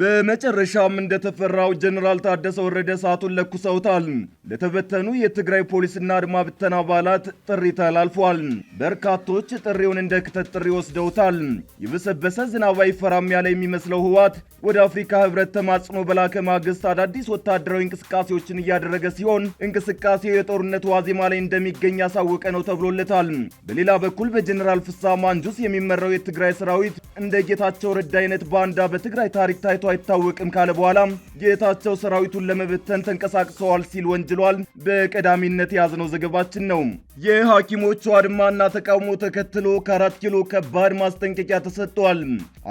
በመጨረሻም እንደተፈራው ጀኔራል ታደሰ ወረደ እሳቱን ለኩሰውታል። ለተበተኑ የትግራይ ፖሊስና አድማ ብተና አባላት ጥሪ ተላልፏል። በርካቶች ጥሪውን እንደ ክተት ጥሪ ወስደውታል። የበሰበሰ ዝናብ አይፈራም ያለ የሚመስለው ህዋት ወደ አፍሪካ ህብረት ተማጽኖ በላከ ማግስት አዳዲስ ወታደራዊ እንቅስቃሴዎችን እያደረገ ሲሆን እንቅስቃሴው የጦርነት ዋዜማ ላይ እንደሚገኝ ያሳወቀ ነው ተብሎለታል። በሌላ በኩል በጀኔራል ፍሳ ማንጁስ የሚመራው የትግራይ ሰራዊት እንደ ጌታቸው ረዳ አይነት ባንዳ በትግራይ ታሪክ ታይቷል አይታወቅም ካለ በኋላ ጌታቸው ሰራዊቱን ለመበተን ተንቀሳቅሰዋል ሲል ወንጅሏል። በቀዳሚነት የያዝነው ዘገባችን ነው። የሐኪሞቹ አድማና ተቃውሞ ተከትሎ ከአራት ኪሎ ከባድ ማስጠንቀቂያ ተሰጥቷል።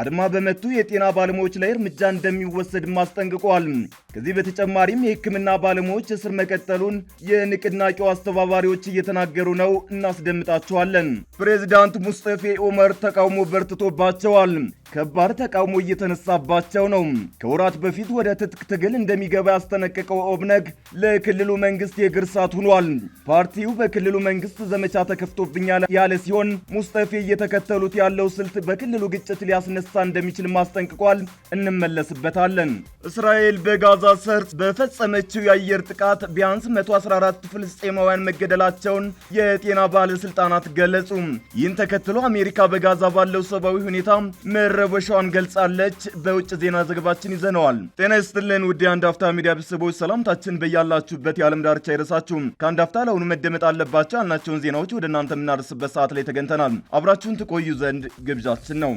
አድማ በመቱ የጤና ባለሙያዎች ላይ እርምጃ እንደሚወሰድም አስጠንቅቋል። ከዚህ በተጨማሪም የሕክምና ባለሙያዎች እስር መቀጠሉን የንቅናቄው አስተባባሪዎች እየተናገሩ ነው። እናስደምጣቸዋለን። ፕሬዚዳንት ሙስጠፌ ኦመር ተቃውሞ በርትቶባቸዋል። ከባድ ተቃውሞ እየተነሳባቸው ነው። ከወራት በፊት ወደ ትጥቅ ትግል እንደሚገባ ያስጠነቀቀው ኦብነግ ለክልሉ መንግስት የእግር እሳት ሆኗል። ፓርቲው በክልሉ መንግስት ዘመቻ ተከፍቶብኛል ያለ ሲሆን ሙስጠፌ እየተከተሉት ያለው ስልት በክልሉ ግጭት ሊያስነሳ እንደሚችል ማስጠንቅቋል። እንመለስበታለን። እስራኤል በጋ በጋዛ ሰርጥ በፈጸመችው የአየር ጥቃት ቢያንስ 114 ፍልስጤማውያን መገደላቸውን የጤና ባለስልጣናት ገለጹ። ይህን ተከትሎ አሜሪካ በጋዛ ባለው ሰብአዊ ሁኔታ መረበሻዋን ገልጻለች። በውጭ ዜና ዘገባችን ይዘነዋል። ጤና ይስጥልን ውድ የአንድ አፍታ ሚዲያ ቤተሰቦች፣ ሰላምታችን በያላችሁበት የዓለም ዳርቻ አይረሳችሁም። ከአንድ አፍታ ለአሁኑ መደመጥ አለባቸው ያልናቸውን ዜናዎች ወደ እናንተ የምናደርስበት ሰዓት ላይ ተገኝተናል። አብራችሁን ትቆዩ ዘንድ ግብዣችን ነው።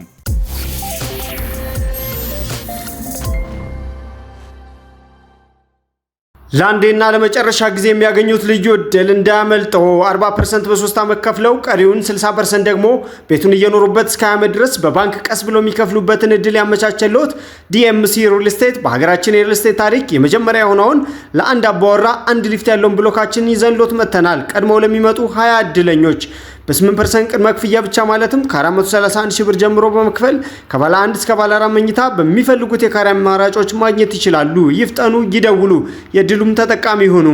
ለአንዴና ለመጨረሻ ጊዜ የሚያገኙት ልዩ እድል እንዳያመልጠው 40 ፐርሰንት በሶስት ዓመት ከፍለው ቀሪውን 60 ፐርሰንት ደግሞ ቤቱን እየኖሩበት እስከ ዓመት ድረስ በባንክ ቀስ ብሎ የሚከፍሉበትን እድል ያመቻቸልዎት ዲኤምሲ ሪል ስቴት በሀገራችን የሪል ስቴት ታሪክ የመጀመሪያ የሆነውን ለአንድ አባወራ አንድ ሊፍት ያለውን ብሎካችን ይዘንሎት መጥተናል። ቀድመው ለሚመጡ 20 እድለኞች በ8 ፐርሰንት ቅድመ ክፍያ ብቻ ማለትም ከ431 ሺህ ብር ጀምሮ በመክፈል ከባለ 1 እስከ ባለ 4 መኝታ በሚፈልጉት የካሬ አማራጮች ማግኘት ይችላሉ። ይፍጠኑ፣ ይደውሉ፣ የድሉም ተጠቃሚ ይሁኑ።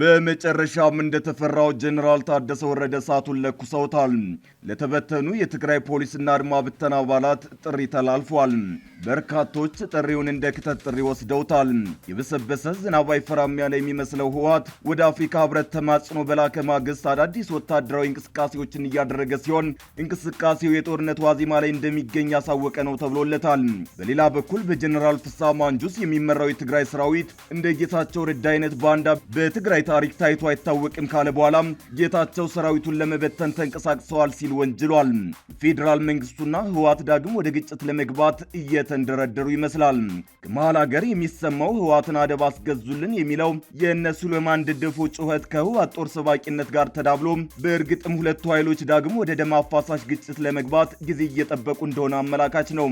በመጨረሻም እንደተፈራው ጀኔራል ታደሰ ወረደ እሳቱን ለኩሰውታል። ለተበተኑ የትግራይ ፖሊስና አድማ ብተና አባላት ጥሪ ተላልፏል። በርካቶች ጥሪውን እንደ ክተት ጥሪ ወስደውታል። የበሰበሰ ዝናብ አይፈራም ያለ የሚመስለው ህወሓት ወደ አፍሪካ ህብረት ተማጽኖ በላከ ማግስት አዳዲስ ወታደራዊ እንቅስቃሴዎችን እያደረገ ሲሆን እንቅስቃሴው የጦርነት ዋዜማ ላይ እንደሚገኝ ያሳወቀ ነው ተብሎለታል። በሌላ በኩል በጀኔራል ፍሳ ማንጁስ የሚመራው የትግራይ ሰራዊት እንደ ጌታቸው ረዳ አይነት ባንዳ በትግራይ ታሪክ ታይቶ አይታወቅም ካለ በኋላ ጌታቸው ሰራዊቱን ለመበተን ተንቀሳቅሰዋል ሲል ወንጅሏል። ፌዴራል መንግስቱና ህወሓት ዳግም ወደ ግጭት ለመግባት እየተንደረደሩ ይመስላል። ከመሃል ሀገር የሚሰማው ህወሓትን አደብ አስገዙልን የሚለው የእነ ሱሌማን ድደፎ ጩኸት ከህወሓት ጦር ሰባቂነት ጋር ተዳብሎ በእርግጥም ሁለቱ ኃይሎች ዳግም ወደ ደም አፋሳሽ ግጭት ለመግባት ጊዜ እየጠበቁ እንደሆነ አመላካች ነው።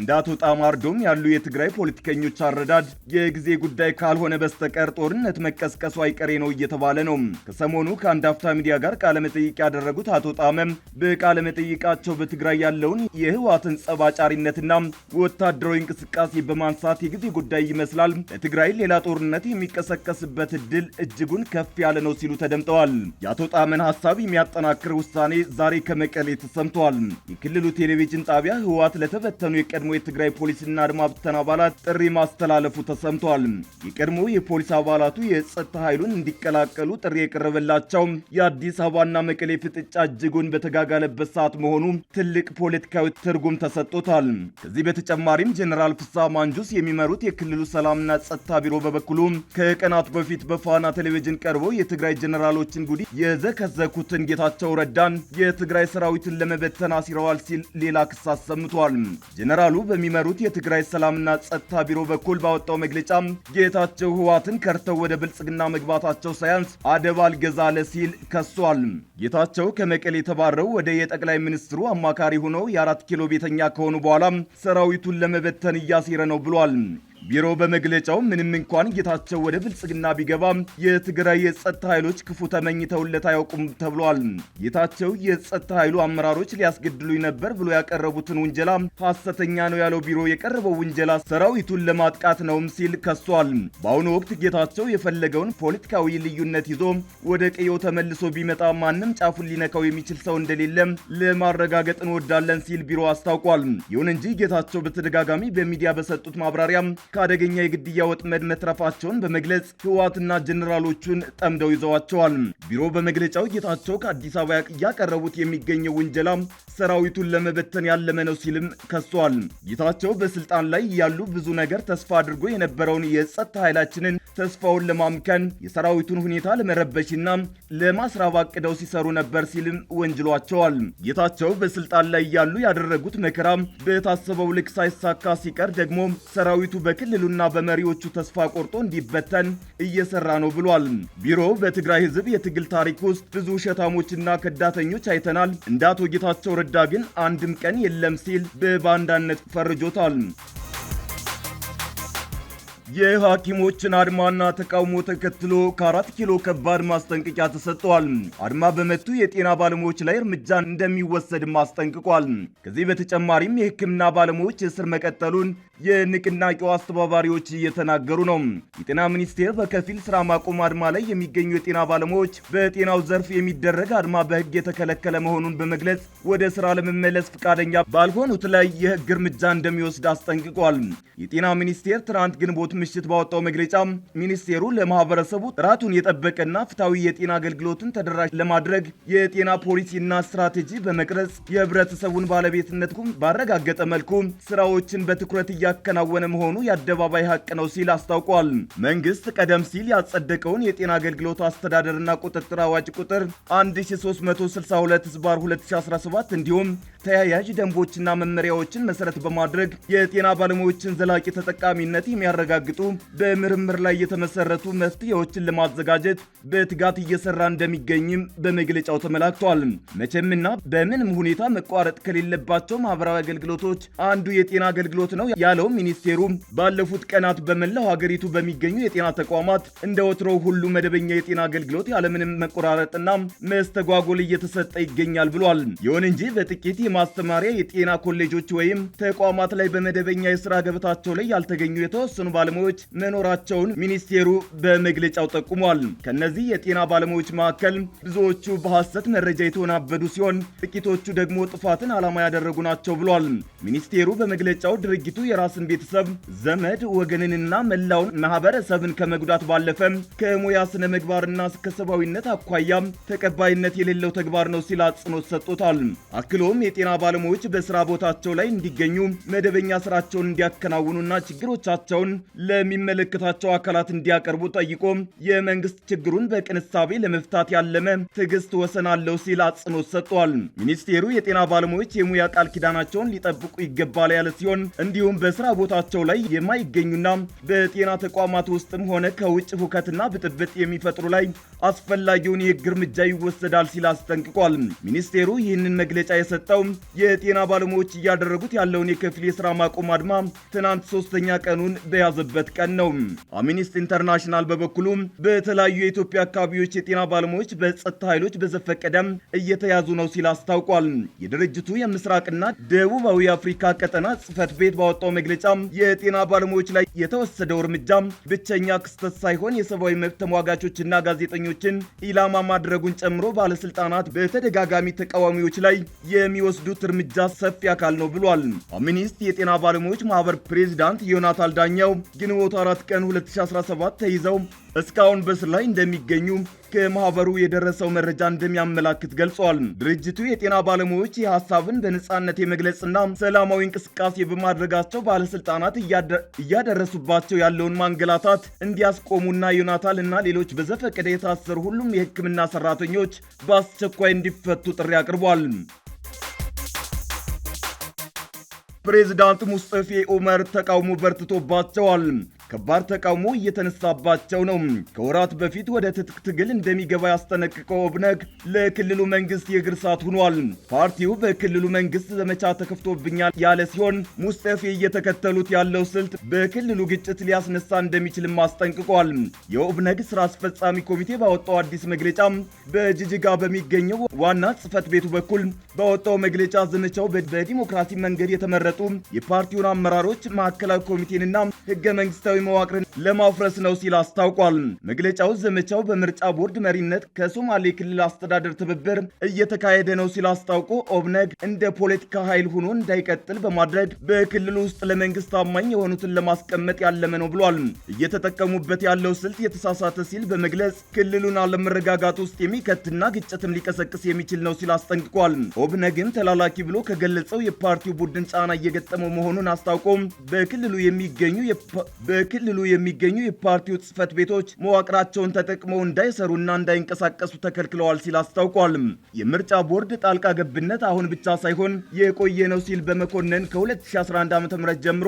እንደ አቶ ጣማርዶም ያሉ የትግራይ ፖለቲከኞች አረዳድ የጊዜ ጉዳይ ካልሆነ በስተቀር ጦርነት መቀስቀሱ አይቀር ጥንካሬ ነው እየተባለ ነው። ከሰሞኑ ከአንድ አፍታ ሚዲያ ጋር ቃለመጠይቅ ያደረጉት አቶ ጣመ በቃለ መጠይቃቸው በትግራይ ያለውን የህወሓትን ጸብ ወታደራዊ እንቅስቃሴ በማንሳት የጊዜ ጉዳይ ይመስላል፣ በትግራይ ሌላ ጦርነት የሚቀሰቀስበት እድል እጅጉን ከፍ ያለ ነው ሲሉ ተደምጠዋል። የአቶ ጣመን ሀሳብ የሚያጠናክር ውሳኔ ዛሬ ከመቀሌ ተሰምተዋል። የክልሉ ቴሌቪዥን ጣቢያ ህወሓት ለተፈተኑ የቀድሞ የትግራይ ፖሊስና አድማ ብተና አባላት ጥሪ ማስተላለፉ ተሰምተዋል። የቀድሞ የፖሊስ አባላቱ የጸጥታ ኃይሉን እንዲቀላቀሉ ጥሪ የቀረበላቸው የአዲስ አበባና መቀሌ ፍጥጫ እጅጉን በተጋጋለበት ሰዓት መሆኑ ትልቅ ፖለቲካዊ ትርጉም ተሰጥቶታል። ከዚህ በተጨማሪም ጀኔራል ፍሳ ማንጁስ የሚመሩት የክልሉ ሰላምና ጸጥታ ቢሮ በበኩሉ ከቀናት በፊት በፋና ቴሌቪዥን ቀርበው የትግራይ ጀኔራሎችን ጉዲ የዘከዘኩትን ጌታቸው ረዳን የትግራይ ሰራዊትን ለመበተን አሲረዋል ሲል ሌላ ክስ አሰምቷል። ጀኔራሉ በሚመሩት የትግራይ ሰላምና ጸጥታ ቢሮ በኩል ባወጣው መግለጫ ጌታቸው ህዋትን ከርተው ወደ ብልጽግና መግባት ቁጥራቸው ሳያንስ አደብ አልገዛለ ሲል ከሷል። ጌታቸው ከመቀሌ የተባረው ወደ የጠቅላይ ሚኒስትሩ አማካሪ ሆነው የአራት ኪሎ ቤተኛ ከሆኑ በኋላ ሰራዊቱን ለመበተን እያሴረ ነው ብሏል። ቢሮው በመግለጫው ምንም እንኳን ጌታቸው ወደ ብልጽግና ቢገባም የትግራይ የጸጥታ ኃይሎች ክፉ ተመኝተውለት አያውቁም ተብሏል። ጌታቸው የጸጥታ ኃይሉ አመራሮች ሊያስገድሉኝ ነበር ብሎ ያቀረቡትን ውንጀላ ሐሰተኛ ነው ያለው ቢሮ የቀረበው ውንጀላ ሰራዊቱን ለማጥቃት ነውም ሲል ከሷል። በአሁኑ ወቅት ጌታቸው የፈለገውን ፖለቲካዊ ልዩነት ይዞ ወደ ቀየው ተመልሶ ቢመጣ ማንም ጫፉን ሊነካው የሚችል ሰው እንደሌለ ለማረጋገጥ እንወዳለን ሲል ቢሮ አስታውቋል። ይሁን እንጂ ጌታቸው በተደጋጋሚ በሚዲያ በሰጡት ማብራሪያ ከአደገኛ የግድያ ወጥመድ መትረፋቸውን በመግለጽ ህወሓትና ጀኔራሎቹን ጠምደው ይዘዋቸዋል። ቢሮ በመግለጫው ጌታቸው ከአዲስ አበባ እያቀረቡት የሚገኘው ውንጀላ ሰራዊቱን ለመበተን ያለመ ነው ሲልም ከሷል። ጌታቸው በስልጣን ላይ ያሉ ብዙ ነገር ተስፋ አድርጎ የነበረውን የጸጥታ ኃይላችንን ተስፋውን ለማምከን የሰራዊቱን ሁኔታ ለመረበሽና ለማስራብ አቅደው ሲሰሩ ነበር ሲልም ወንጅሏቸዋል። ጌታቸው በስልጣን ላይ ያሉ ያደረጉት መከራ በታሰበው ልክ ሳይሳካ ሲቀር ደግሞ ሰራዊቱ በክ በክልሉና በመሪዎቹ ተስፋ ቆርጦ እንዲበተን እየሰራ ነው ብሏል። ቢሮው በትግራይ ህዝብ የትግል ታሪክ ውስጥ ብዙ ውሸታሞችና ከዳተኞች አይተናል፣ እንደ አቶ ጌታቸው ረዳ ግን አንድም ቀን የለም ሲል በባንዳነት ፈርጆታል። የሐኪሞችን አድማና ተቃውሞ ተከትሎ ከአራት ኪሎ ከባድ ማስጠንቀቂያ ተሰጥቷል። አድማ በመቱ የጤና ባለሙያዎች ላይ እርምጃ እንደሚወሰድም አስጠንቅቋል። ከዚህ በተጨማሪም የሕክምና ባለሙያዎች እስር መቀጠሉን የንቅናቄው አስተባባሪዎች እየተናገሩ ነው። የጤና ሚኒስቴር በከፊል ስራ ማቆም አድማ ላይ የሚገኙ የጤና ባለሙያዎች በጤናው ዘርፍ የሚደረግ አድማ በህግ የተከለከለ መሆኑን በመግለጽ ወደ ስራ ለመመለስ ፈቃደኛ ባልሆኑት ላይ የህግ እርምጃ እንደሚወስድ አስጠንቅቋል። የጤና ሚኒስቴር ትናንት ግንቦት ምሽት ባወጣው መግለጫ ሚኒስቴሩ ለማህበረሰቡ ጥራቱን የጠበቀና ፍትሐዊ የጤና አገልግሎትን ተደራሽ ለማድረግ የጤና ፖሊሲና ስትራቴጂ በመቅረጽ የህብረተሰቡን ባለቤትነት ባረጋገጠ መልኩ ስራዎችን በትኩረት እያከናወነ መሆኑ የአደባባይ ሀቅ ነው ሲል አስታውቋል። መንግስት ቀደም ሲል ያጸደቀውን የጤና አገልግሎት አስተዳደርና ቁጥጥር አዋጅ ቁጥር 1362 ህዝባር 2017 እንዲሁም ተያያዥ ደንቦችና መመሪያዎችን መሰረት በማድረግ የጤና ባለሙያዎችን ዘላቂ ተጠቃሚነት የሚያረጋግጥ በቅጡ በምርምር ላይ የተመሰረቱ መፍትሄዎችን ለማዘጋጀት በትጋት እየሰራ እንደሚገኝም በመግለጫው ተመላክቷል። መቼምና በምንም ሁኔታ መቋረጥ ከሌለባቸው ማህበራዊ አገልግሎቶች አንዱ የጤና አገልግሎት ነው ያለው ሚኒስቴሩ ባለፉት ቀናት በመላው ሀገሪቱ በሚገኙ የጤና ተቋማት እንደ ወትሮው ሁሉ መደበኛ የጤና አገልግሎት ያለምንም መቆራረጥና መስተጓጎል እየተሰጠ ይገኛል ብሏል። ይሁን እንጂ በጥቂት የማስተማሪያ የጤና ኮሌጆች ወይም ተቋማት ላይ በመደበኛ የስራ ገበታቸው ላይ ያልተገኙ የተወሰኑ ባለሙ ባለሙያዎች መኖራቸውን ሚኒስቴሩ በመግለጫው ጠቁሟል። ከነዚህ የጤና ባለሙያዎች መካከል ብዙዎቹ በሐሰት መረጃ የተወናበዱ ሲሆን፣ ጥቂቶቹ ደግሞ ጥፋትን ዓላማ ያደረጉ ናቸው ብሏል። ሚኒስቴሩ በመግለጫው ድርጊቱ የራስን ቤተሰብ፣ ዘመድ፣ ወገንንና መላውን ማህበረሰብን ከመጉዳት ባለፈ ከሙያ ስነ ምግባርና ከሰብአዊነት አኳያ ተቀባይነት የሌለው ተግባር ነው ሲል አጽንኦት ሰጥቶታል። አክሎም የጤና ባለሙያዎች በስራ ቦታቸው ላይ እንዲገኙ መደበኛ ስራቸውን እንዲያከናውኑና ችግሮቻቸውን ለሚመለከታቸው አካላት እንዲያቀርቡ ጠይቆ የመንግስት ችግሩን በቅንሳቤ ለመፍታት ያለመ ትዕግስት ወሰን አለው ሲል አጽንኦት ሰጥቷል። ሚኒስቴሩ የጤና ባለሙያዎች የሙያ ቃል ኪዳናቸውን ሊጠብቁ ይገባል ያለ ሲሆን እንዲሁም በስራ ቦታቸው ላይ የማይገኙና በጤና ተቋማት ውስጥም ሆነ ከውጭ ሁከትና ብጥብጥ የሚፈጥሩ ላይ አስፈላጊውን የህግ እርምጃ ይወሰዳል ሲል አስጠንቅቋል። ሚኒስቴሩ ይህንን መግለጫ የሰጠው የጤና ባለሙያዎች እያደረጉት ያለውን የከፊል የስራ ማቆም አድማ ትናንት ሶስተኛ ቀኑን በያዘበት የተጀመረበት ቀን ነው። አምኒስቲ ኢንተርናሽናል በበኩሉም በተለያዩ የኢትዮጵያ አካባቢዎች የጤና ባለሙያዎች በጸጥታ ኃይሎች በዘፈቀደም እየተያዙ ነው ሲል አስታውቋል። የድርጅቱ የምስራቅና ደቡባዊ አፍሪካ ቀጠና ጽህፈት ቤት ባወጣው መግለጫ የጤና ባለሙያዎች ላይ የተወሰደው እርምጃ ብቸኛ ክስተት ሳይሆን የሰብአዊ መብት ተሟጋቾችና ጋዜጠኞችን ኢላማ ማድረጉን ጨምሮ ባለስልጣናት በተደጋጋሚ ተቃዋሚዎች ላይ የሚወስዱት እርምጃ ሰፊ አካል ነው ብሏል። አምነስቲ የጤና ባለሙያዎች ማህበር ፕሬዚዳንት ዮናታን ዳኛው ግን ግንቦት 4 ቀን 2017 ተይዘው እስካሁን በእስር ላይ እንደሚገኙ ከማህበሩ የደረሰው መረጃ እንደሚያመላክት ገልጿል። ድርጅቱ የጤና ባለሙያዎች የሀሳብን በነጻነት የመግለጽና ሰላማዊ እንቅስቃሴ በማድረጋቸው ባለስልጣናት እያደረሱባቸው ያለውን ማንገላታት እንዲያስቆሙና ዮናታን እና ሌሎች በዘፈቀደ የታሰሩ ሁሉም የሕክምና ሰራተኞች በአስቸኳይ እንዲፈቱ ጥሪ አቅርቧል። ፕሬዚዳንት ሙስጠፌ ኡመር ተቃውሞ በርትቶባቸዋል። ከባድ ተቃውሞ እየተነሳባቸው ነው። ከወራት በፊት ወደ ትጥቅ ትግል እንደሚገባ ያስጠነቅቀው ኦብነግ ለክልሉ መንግስት የእግር ሰዓት ሆኗል። ፓርቲው በክልሉ መንግስት ዘመቻ ተከፍቶብኛል ያለ ሲሆን ሙስጠፌ እየተከተሉት ያለው ስልት በክልሉ ግጭት ሊያስነሳ እንደሚችልም አስጠንቅቋል። የኦብነግ ስራ አስፈጻሚ ኮሚቴ ባወጣው አዲስ መግለጫ በጅጅጋ በሚገኘው ዋና ጽህፈት ቤቱ በኩል ባወጣው መግለጫ ዘመቻው በዲሞክራሲ መንገድ የተመረጡ የፓርቲውን አመራሮች ማዕከላዊ ኮሚቴንና ህገ መንግስታዊ መዋቅርን ለማፍረስ ነው ሲል አስታውቋል። መግለጫው ዘመቻው በምርጫ ቦርድ መሪነት ከሶማሌ ክልል አስተዳደር ትብብር እየተካሄደ ነው ሲል አስታውቆ ኦብነግ እንደ ፖለቲካ ኃይል ሆኖ እንዳይቀጥል በማድረግ በክልሉ ውስጥ ለመንግስት ታማኝ የሆኑትን ለማስቀመጥ ያለመ ነው ብሏል። እየተጠቀሙበት ያለው ስልት የተሳሳተ ሲል በመግለጽ ክልሉን አለመረጋጋት ውስጥ የሚከትና ግጭትም ሊቀሰቅስ የሚችል ነው ሲል አስጠንቅቋል። ኦብነግን ተላላኪ ብሎ ከገለጸው የፓርቲው ቡድን ጫና እየገጠመው መሆኑን አስታውቆም በክልሉ የሚገኙ በክልሉ የሚገኙ የፓርቲው ጽህፈት ቤቶች መዋቅራቸውን ተጠቅመው እንዳይሰሩና እንዳይንቀሳቀሱ ተከልክለዋል ሲል አስታውቋል። የምርጫ ቦርድ ጣልቃ ገብነት አሁን ብቻ ሳይሆን የቆየ ነው ሲል በመኮንን ከ2011 ዓ ም ጀምሮ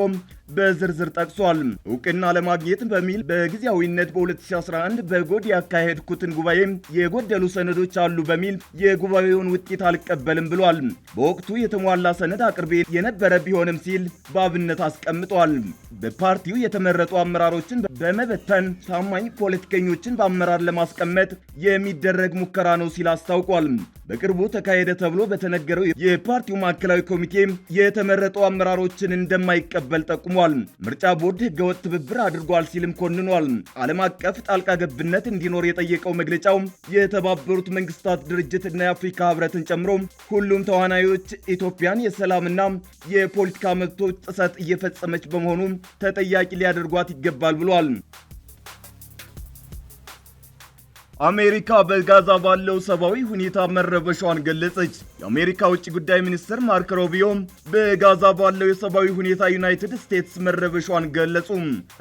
በዝርዝር ጠቅሷል። እውቅና ለማግኘት በሚል በጊዜያዊነት በ2011 በጎድ ያካሄድኩትን ጉባኤ የጎደሉ ሰነዶች አሉ በሚል የጉባኤውን ውጤት አልቀበልም ብሏል። በወቅቱ የተሟላ ሰነድ አቅርቤ የነበረ ቢሆንም ሲል በአብነት አስቀምጧል። በፓርቲው የተመረጡ አመራሮችን በመበተን ታማኝ ፖለቲከኞችን በአመራር ለማስቀመጥ የሚደረግ ሙከራ ነው ሲል አስታውቋል። በቅርቡ ተካሄደ ተብሎ በተነገረው የፓርቲው ማዕከላዊ ኮሚቴ የተመረጡ አመራሮችን እንደማይቀበል ጠቁሟል። ተጠቅሟል፣ ምርጫ ቦርድ ህገወጥ ትብብር አድርጓል ሲልም ኮንኗል። ዓለም አቀፍ ጣልቃ ገብነት እንዲኖር የጠየቀው መግለጫው የተባበሩት መንግስታት ድርጅት እና የአፍሪካ ህብረትን ጨምሮ ሁሉም ተዋናዮች ኢትዮጵያን የሰላምና የፖለቲካ መብቶች ጥሰት እየፈጸመች በመሆኑ ተጠያቂ ሊያደርጓት ይገባል ብሏል። አሜሪካ በጋዛ ባለው ሰብአዊ ሁኔታ መረበሿን ገለጸች። የአሜሪካ ውጭ ጉዳይ ሚኒስትር ማርክ ሮቢዮም በጋዛ ባለው የሰብአዊ ሁኔታ ዩናይትድ ስቴትስ መረበሿን ገለጹ።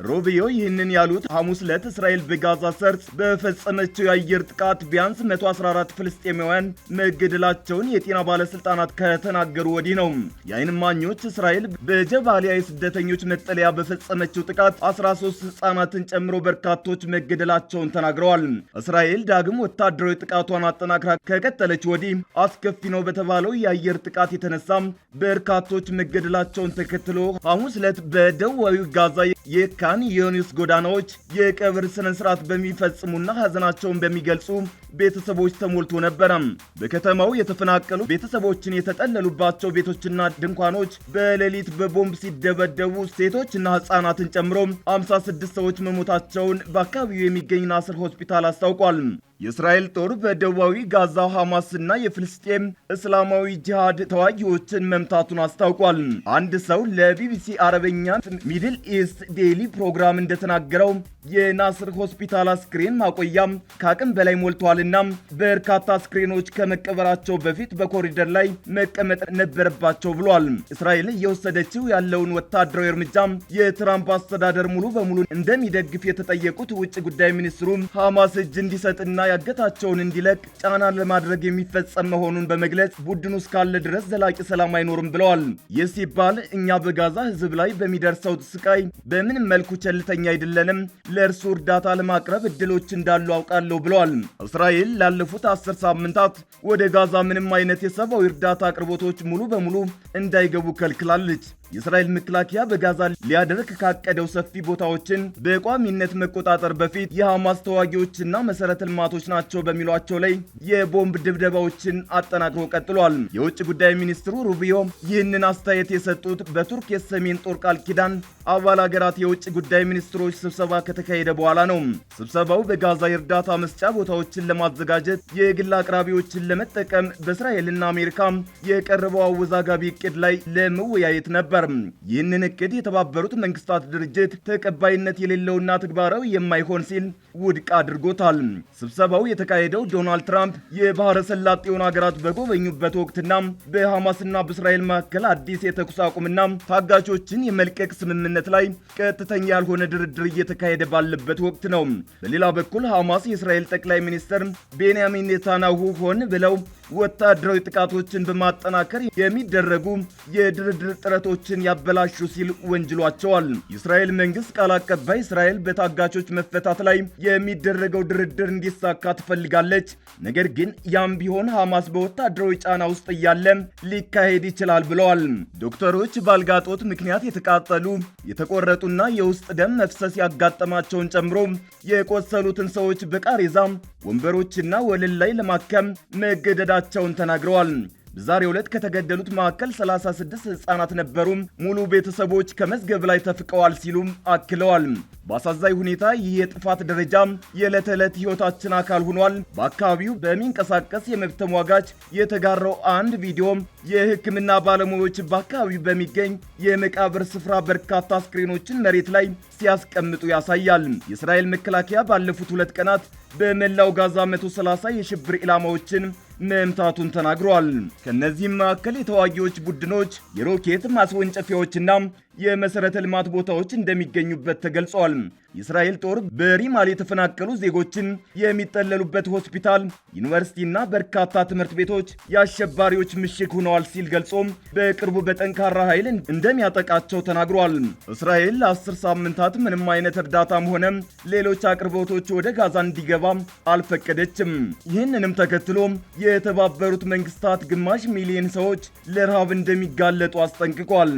ሮቢዮ ይህንን ያሉት ሐሙስ ዕለት እስራኤል በጋዛ ሰርጥ በፈጸመችው የአየር ጥቃት ቢያንስ 114 ፍልስጤማውያን መገደላቸውን የጤና ባለስልጣናት ከተናገሩ ወዲህ ነው። የአይን ማኞች እስራኤል በጀባሊያ የስደተኞች መጠለያ በፈጸመችው ጥቃት 13 ህጻናትን ጨምሮ በርካቶች መገደላቸውን ተናግረዋል። እስራኤል እስራኤል ዳግም ወታደራዊ ጥቃቷን አጠናክራ ከቀጠለች ወዲህ አስከፊ ነው በተባለው የአየር ጥቃት የተነሳም በርካቶች መገደላቸውን ተከትሎ ሐሙስ ዕለት በደቡባዊ ጋዛ የካን ዮኒስ ጎዳናዎች የቀብር ስነ ስርዓት በሚፈጽሙና ሀዘናቸውን በሚገልጹ ቤተሰቦች ተሞልቶ ነበረ። በከተማው የተፈናቀሉ ቤተሰቦችን የተጠለሉባቸው ቤቶችና ድንኳኖች በሌሊት በቦምብ ሲደበደቡ ሴቶችና ሕጻናትን ጨምሮ 56 ሰዎች መሞታቸውን በአካባቢው የሚገኝ ናስር ሆስፒታል አስታውቋል። የእስራኤል ጦር በደቡባዊ ጋዛ ሐማስና የፍልስጤም እስላማዊ ጂሃድ ተዋጊዎችን መምታቱን አስታውቋል። አንድ ሰው ለቢቢሲ አረበኛ ሚድል ኢስት ዴይሊ ፕሮግራም እንደተናገረው የናስር ሆስፒታል አስክሬን ማቆያ ከአቅም በላይ ሞልቷልና በርካታ አስክሬኖች ከመቀበራቸው በፊት በኮሪደር ላይ መቀመጥ ነበረባቸው ብሏል። እስራኤል እየወሰደችው ያለውን ወታደራዊ እርምጃ የትራምፕ አስተዳደር ሙሉ በሙሉ እንደሚደግፍ የተጠየቁት ውጭ ጉዳይ ሚኒስትሩ ሐማስ እጅ እንዲሰጥና ያገታቸውን እንዲለቅ ጫና ለማድረግ የሚፈጸም መሆኑን በመግለጽ ቡድኑ እስካለ ድረስ ዘላቂ ሰላም አይኖርም ብለዋል። ይህ ሲባል እኛ በጋዛ ህዝብ ላይ በሚደርሰው ስቃይ በምንም መልኩ ቸልተኛ አይደለንም፣ ለእርሱ እርዳታ ለማቅረብ እድሎች እንዳሉ አውቃለሁ ብለዋል። እስራኤል ላለፉት አስር ሳምንታት ወደ ጋዛ ምንም አይነት የሰብአዊ እርዳታ አቅርቦቶች ሙሉ በሙሉ እንዳይገቡ ከልክላለች። የእስራኤል መከላከያ በጋዛ ሊያደርግ ካቀደው ሰፊ ቦታዎችን በቋሚነት መቆጣጠር በፊት የሐማስ ተዋጊዎችና መሰረተ ልማቶች ናቸው በሚሏቸው ላይ የቦምብ ድብደባዎችን አጠናክሮ ቀጥሏል። የውጭ ጉዳይ ሚኒስትሩ ሩቢዮ ይህንን አስተያየት የሰጡት በቱርክ የሰሜን ጦር ቃል ኪዳን አባል ሀገራት የውጭ ጉዳይ ሚኒስትሮች ስብሰባ ከተካሄደ በኋላ ነው። ስብሰባው በጋዛ የእርዳታ መስጫ ቦታዎችን ለማዘጋጀት የግል አቅራቢዎችን ለመጠቀም በእስራኤልና አሜሪካ የቀረበው አወዛጋቢ እቅድ ላይ ለመወያየት ነበር። ነበር። ይህንን እቅድ የተባበሩት መንግስታት ድርጅት ተቀባይነት የሌለውና ተግባራዊ የማይሆን ሲል ውድቅ አድርጎታል። ስብሰባው የተካሄደው ዶናልድ ትራምፕ የባህረ ሰላጤውን ሀገራት በጎበኙበት ወቅትና በሐማስና በእስራኤል መካከል አዲስ የተኩስ አቁምና ታጋቾችን የመልቀቅ ስምምነት ላይ ቀጥተኛ ያልሆነ ድርድር እየተካሄደ ባለበት ወቅት ነው። በሌላ በኩል ሐማስ የእስራኤል ጠቅላይ ሚኒስትር ቤንያሚን ኔታናሁ ሆን ብለው ወታደራዊ ጥቃቶችን በማጠናከር የሚደረጉ የድርድር ጥረቶችን ነገሮችን ያበላሹ ሲል ወንጅሏቸዋል። የእስራኤል መንግስት ቃል አቀባይ እስራኤል በታጋቾች መፈታት ላይ የሚደረገው ድርድር እንዲሳካ ትፈልጋለች፣ ነገር ግን ያም ቢሆን ሐማስ በወታደራዊ ጫና ውስጥ እያለ ሊካሄድ ይችላል ብለዋል። ዶክተሮች ባልጋጦት ምክንያት የተቃጠሉ የተቆረጡና የውስጥ ደም መፍሰስ ያጋጠማቸውን ጨምሮ የቆሰሉትን ሰዎች በቃሬዛ ወንበሮችና ወለል ላይ ለማከም መገደዳቸውን ተናግረዋል። በዛሬ ዕለት ከተገደሉት መካከል 36 ህጻናት ነበሩ። ሙሉ ቤተሰቦች ከመዝገብ ላይ ተፍቀዋል ሲሉም አክለዋል። በአሳዛኝ ሁኔታ ይህ የጥፋት ደረጃ የዕለት ተዕለት ሕይወታችን አካል ሆኗል። በአካባቢው በሚንቀሳቀስ የመብት ተሟጋች የተጋራው አንድ ቪዲዮ የሕክምና ባለሙያዎች በአካባቢው በሚገኝ የመቃብር ስፍራ በርካታ አስክሬኖችን መሬት ላይ ሲያስቀምጡ ያሳያል። የእስራኤል መከላከያ ባለፉት ሁለት ቀናት በመላው ጋዛ 130 የሽብር ኢላማዎችን መምታቱን ተናግሯል። ከእነዚህም መካከል የተዋጊዎች ቡድኖች የሮኬት ማስወንጨፊያዎችና የመሰረተ ልማት ቦታዎች እንደሚገኙበት ተገልጿል። የእስራኤል ጦር በሪማል የተፈናቀሉ ዜጎችን የሚጠለሉበት ሆስፒታል፣ ዩኒቨርሲቲና በርካታ ትምህርት ቤቶች የአሸባሪዎች ምሽግ ሆነዋል ሲል ገልጾም በቅርቡ በጠንካራ ኃይል እንደሚያጠቃቸው ተናግሯል። እስራኤል ለአስር ሳምንታት ምንም አይነት እርዳታም ሆነ ሌሎች አቅርቦቶች ወደ ጋዛ እንዲገባ አልፈቀደችም። ይህንንም ተከትሎ የተባበሩት መንግስታት ግማሽ ሚሊዮን ሰዎች ለረሃብ እንደሚጋለጡ አስጠንቅቋል።